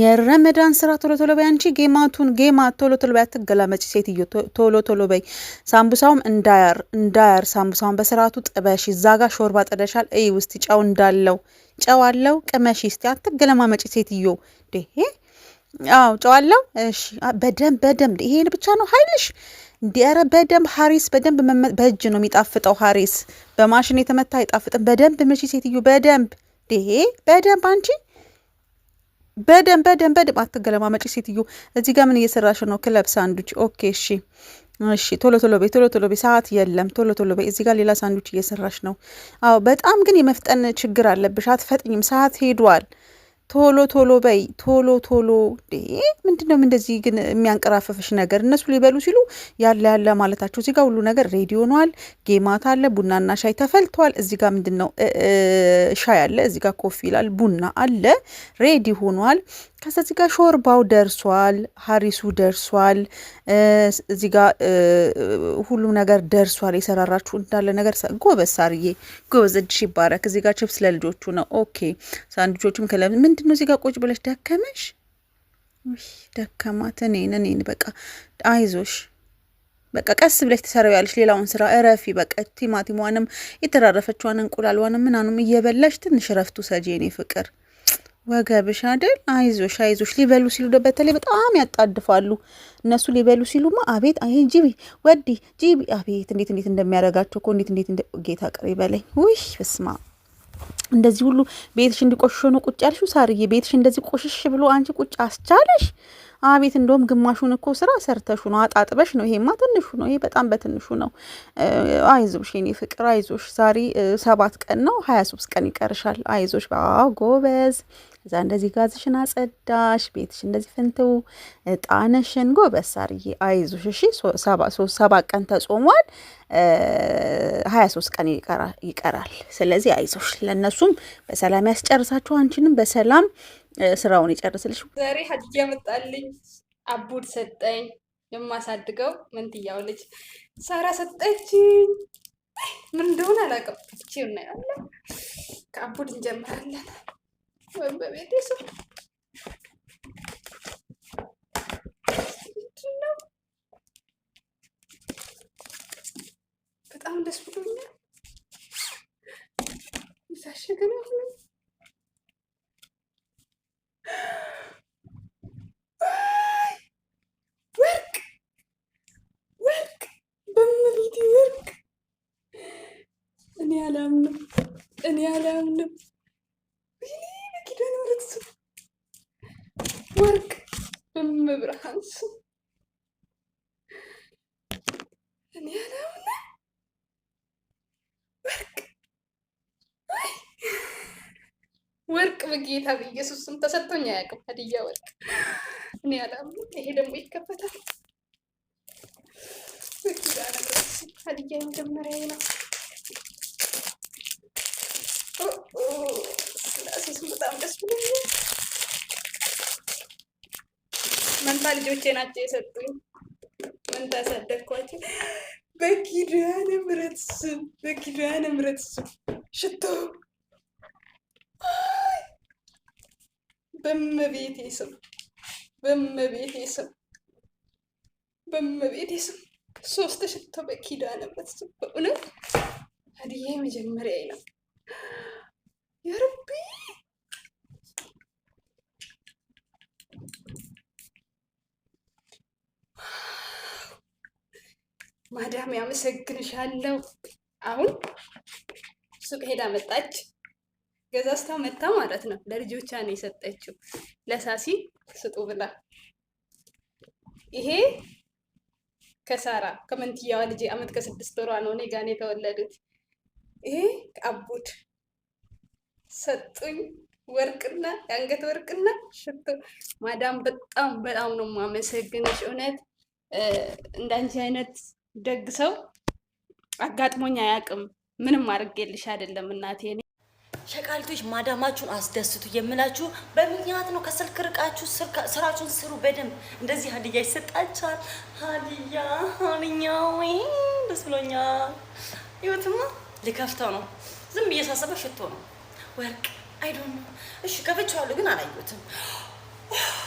የረመዳን ስራ ቶሎ ቶሎ በይ አንቺ ጌማቱን ጌማ ቶሎ ቶሎ በይ አትገላመጭ ሴትዮ ቶሎ ቶሎ በይ ሳምቡሳውም እንዳያር እንዳያር ሳምቡሳውን በስርዓቱ ጥበሽ እዛ ጋር ሾርባ ጥደሻል እይ ውስጥ ጨው እንዳለው ጨው አለው ቅመሽ እስቲ አትገለማመጭ ሴትዮ ይሄ አዎ ጨው አለው እሺ በደንብ በደንብ ይሄን ብቻ ነው ሀይልሽ እንዲያረ በደንብ ሀሪስ በደንብ በእጅ ነው የሚጣፍጠው ሀሪስ በማሽን የተመታ አይጣፍጥም በደንብ ምሽ ሴትዮ በደንብ ይሄ በደንብ አንቺ በደንብ በደንብ በደንብ አትገለማመጪ ሴትዮ። እዚህ ጋር ምን እየሰራሽ ነው? ክለብ ሳንዱች። ኦኬ እሺ እሺ ቶሎ ቶሎ በይ፣ ቶሎ ቶሎ በይ። ሰዓት የለም፣ ቶሎ ቶሎ በይ። እዚህ ጋር ሌላ ሳንዱች እየሰራሽ ነው። አዎ፣ በጣም ግን የመፍጠን ችግር አለብሽ። አትፈጥኝም፣ ሰዓት ሄዷል። ቶሎ ቶሎ በይ ቶሎ ቶሎ ምንድነው እንደዚህ ግን የሚያንቀራፈፍሽ ነገር እነሱ ሊበሉ ሲሉ ያለ ያለ ማለታቸው እዚጋ ሁሉ ነገር ሬዲ ሆኗል ጌማት አለ ቡናና ሻይ ተፈልተዋል እዚጋ ምንድን ነው ሻይ አለ እዚጋ ኮፊ ይላል ቡና አለ ሬዲ ሆኗል ከዛ ጋር ሾርባው ደርሷል፣ ሀሪሱ ደርሷል፣ እዚህ ጋር ሁሉም ነገር ደርሷል። የሰራራችሁ እንዳለ ነገር ጎበዝ፣ ሳርዬ ጎበዝ፣ እጅሽ ይባረክ። እዚህ ጋር ችፕስ ለልጆቹ ነው። ኦኬ፣ ሳንድዊቾቹም ከለ ምንድን ነው እዚህ ጋር ቁጭ ብለሽ ደከመሽ፣ ደከማት፣ እኔን እኔን፣ በቃ አይዞሽ፣ በቃ ቀስ ብለሽ ትሰራው ያለሽ ሌላውን ስራ እረፊ፣ በቃ ቲማቲሟንም የተራረፈችዋን እንቁላልዋንም ምናኑም እየበላሽ ትንሽ እረፍቱ ሰጄ፣ እኔ ፍቅር ወገብሽ አይደል? አይዞሽ አይዞሽ ሊበሉ ሲሉ በተለይ በጣም ያጣድፋሉ። እነሱ ሊበሉ ሲሉማ አቤት አይ ጂቢ ወዲ ጂቢ አቤት እንዴት እንዴት እንደሚያደርጋቸው እኮ እንዴት እንዴት ጌታ ቅር ይበለኝ። ውይ በስማ እንደዚህ ሁሉ ቤትሽ እንዲቆሽሽ ነው ቁጭ ያልሽው ሳርዬ። ቤትሽ እንደዚህ ቆሽሽ ብሎ አንቺ ቁጭ አስቻለሽ? አቤት እንደውም ግማሹን እኮ ስራ ሰርተሹ ነው አጣጥበሽ ነው። ይሄማ ትንሹ ነው። ይሄ በጣም በትንሹ ነው። አይዞሽ የኔ ፍቅር አይዞሽ። ዛሬ ሰባት ቀን ነው፣ ሀያ ሶስት ቀን ይቀርሻል። አይዞሽ። ጎበዝ። እዛ እንደዚህ ጋዝሽን አጸዳሽ፣ ቤትሽ እንደዚህ ፍንትው ጣነሽን። ጎበዝ ሳርዬ አይዞሽ። እሺ ሰባት ቀን ተጾሟል፣ ሀያ ሶስት ቀን ይቀራል። ስለዚህ አይዞሽ። ለእነሱም በሰላም ያስጨርሳችሁ፣ አንቺንም በሰላም ስራውን ይጨርስልሽ። ዛሬ ሀዲያ ያመጣልኝ አቡድ ሰጠኝ። የማሳድገው መንትያው ልጅ ሳራ ሰጠችኝ። ምን እንደሆነ አላውቅም። እቺ እናያለን። ከአቡድ እንጀምራለን ወይም በቤቴ ሰው በጣም ደስ ብሎኛል። የታሸገ አላምንም፣ እኔ አላምንም። በኪዳነ ምሕረት ስም ወርቅ በመብርሃን ስም እኔ አላምንም። ወርቅ ወርቅ በጌታ በኢየሱስ ስም ተሰጥቶኝ አያውቅም። ሀዲያ ወርቅ እኔ አላምንም። ይሄ ደግሞ ይከፈታል። በኪዳነ ምሕረት ስም ሀዲያ መጀመሪያ ነው። መንታ ልጆቼ ናቸው የሰጡኝ። መንታ ያሳደግኳቸው በኪዳነ ምሕረት ስም በኪዳነ ምሕረት ስም ሽቶ በመቤቴ ስም በመቤቴ ስም በመቤቴ ስም ሶስት ሽቶ በኪዳነ ምሕረት ስም በእውነት አድዬ መጀመሪያ ነው የረቢ ማዳም ያመሰግንሻለሁ። አሁን ሱቅ ሄዳ መጣች። ገዛዝታ መታ ማለት ነው። ለልጆቿ ነው የሰጠችው ለሳሲ ስጡ ብላ። ይሄ ከሳራ ከመንትያዋ ልጅ አመት ከስድስት ወሯ ነው እኔ ጋር የተወለዱት። ይሄ አቡድ ሰጡኝ። ወርቅና የአንገት ወርቅና ሽቶ። ማዳም በጣም በጣም ነው የማመሰግንሽ እውነት እንዳንቺ አይነት ደግ ሰው አጋጥሞኝ አያውቅም። ምንም አድርጌልሽ አይደለም እናቴ። እኔ ሸቃሊቶች ማዳማችሁን አስደስቱ የምላችሁ በምክንያት ነው። ከስልክ ርቃችሁ ስራችሁን ስሩ በደንብ። እንደዚህ ሀዲያ ይሰጣችኋል። ሀዲያ ሀዲያ ወይ ደስ ብሎኛል። ይወትማ ሊከፍተው ነው። ዝም እየሳሰበ ሽቶ ነው ወርቅ አይዶ እሺ ከፍቼዋለሁ ግን አላየሁትም።